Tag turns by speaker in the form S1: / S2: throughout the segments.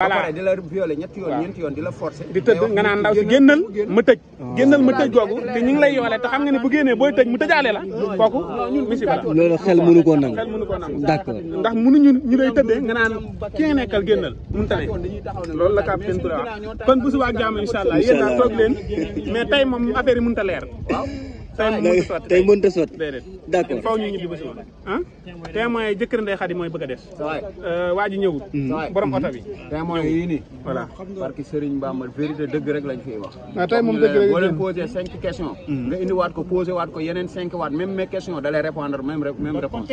S1: voilà ba pare di la violé ñetti yoon ñeenti yoon di la forcé di tëdd nga naan ndaw si ah. génnal ma tëj googu te ñu ngi lay yoole te xam nga ne bu génnee booy tëj mu tëjaale la kooku musiba loolu xel mënu koo nangu xel mënu koo ñu lay tëddee nga naan ki nekkal génnal mënta ne loolu la capitaine Touré wax kon bu ak jàmm incha allah yéen daal toog leen mais tey moom affaire yi mënta leer Ah, tey mënut a sotti d'accord faw ñu ñibbi ba suba ah témoin yi jëkkër Ndeye Khady mooy bëgg a des euh, waa ji ñëwul mm-hmm. borom oto bi mm-hmm. témoin yii nii voilà parce que vérité dëgg rek lañ fiy wax ah tey moom dëgg rek boo leen posé cinq questions mm-hmm. nga indi waat ko posé waat ko yeneen cinq waat même mes questions da lay répondre même même réponse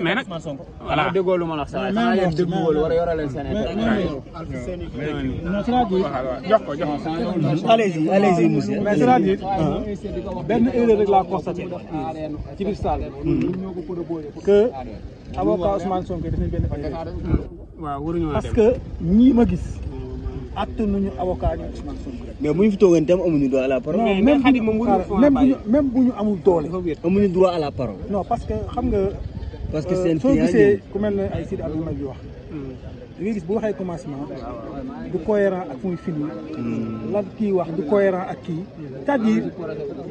S1: mais nag voilà ah, déggoo lu ma la wax saa xanaa yéen dëggu wala a jox ko jox ko allez laa constaté ci biir salle hmm. que
S2: avocat Ousmane
S1: Sonko def hmm. parce que ñii ma gis. attanuñu avocat ñu Ousmane Sonko. mais bu ñu fi toogoon itam amuñu droit à la parole. non même bu bu ñu amul doole. amuñu droit à la parole. non parce que xam nga. parce que euh, seen soo gisee ku mel ne ay Sidi Abdou Mbaye bi wax. Hmm. da ngay gis bu waxee commencement du cohérent ak muy fini. lan kii wax du cohérent ak kii cest à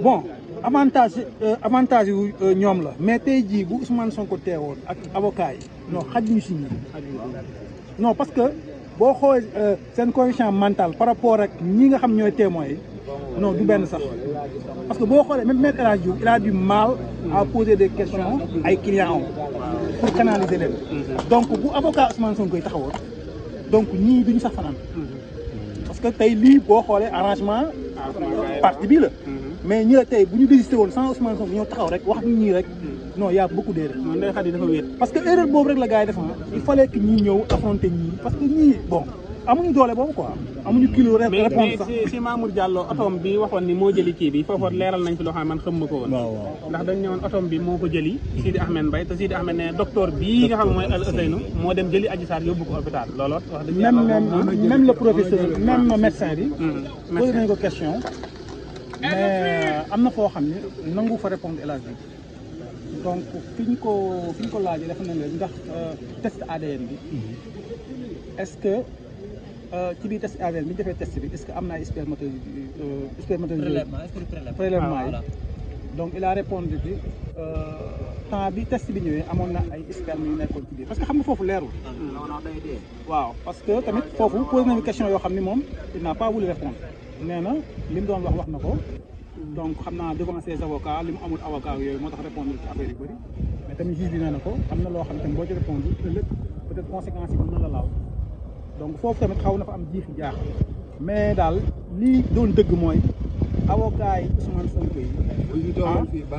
S1: bon. avantage euh, avantage wu euh, ñoom la mais tey jii bu Ousmane Sonko teewoon ak avocat yi non xaj ñu si ñi non parce que boo xoolee euh, seen condition mentale par rapport ak ñi nga xam ñooy témoins yi non du benn sax parce que boo xoolee même maître El Hadj Diouf il a du mal à poser des questions ay clients am pour canaliser leen donc bu avocat Ousmane Sonko koy taxawoon donc ñii duñu sax fanaan parce que tey lii boo xoolee arrangement parti bi la mais ñi tey bu ñu désisté woon sans Ousmane Sonko ñoo taxaw rek wax ñu ñii rek non y' a beaucoup d' erreurs. man day xadi dafa wéet. parce que erreur boobu rek la gars yi defoon il fallait que ñii ñëw affronter ñii parce que ñii bon amuñu doole boobu quoi. amuñu kilo rek réponse sax mais si si Mamour Diallo bi waxoon ni moo jëli kii bi foofu leeral nañ fi loo xam ne man xam ma woon. ndax dañ ne dem jëli Adji Sarr yóbbu ko hôpital looloo mais eh, am na foo xam ne nangu fa répondre El Hadj bi donc fi ñu ko fi ñu ko laajee def nañ leen ndax euh, test ADN bi mhm. est-ce que euh, ci biir test ADN bi ñu defee test bi est-ce que am na ay spermatozoïde euh, spermatozoïde prélèvement ah, yi donc il a répondu bi temps bi test bi ñëwee amoon na ay sperme yu nekkoon ci biir parce que xam nga foofu leerul. Ah, waaw parce que tamit foofu posé nañu question yoo xam ni moom il n'a pas voulu répondre nee na li mu doon wax wax na ko donc xam naa devant ses avocats li mu amul avocat yooyu moo tax répondre ci affaire yu bëri mais tamit juge bi ko am na loo xam tamit boo ci répondre ëllëg peut être conséquences yi mën na la laal donc foofu tamit xaw na fa am jiixi jaax mais daal lii doon dëgg mooy avocat yi Ousmane Sonko yi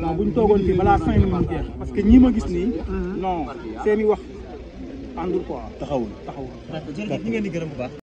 S1: ah bu ñu toogoon fii ah, balaa cinq minutes jeex parce que ñii ma gis nii non seeni wax àndul quoi taxawul taxawul ñi ngeen di gërëm bu baax